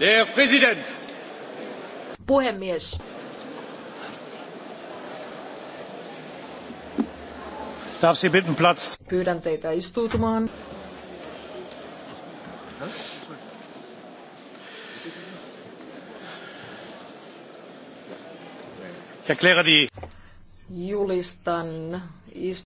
Der Präsident. Puhemies. Darf Sie bitten Platz. Pyydän teitä istuutumaan. Ich erkläre die Julistan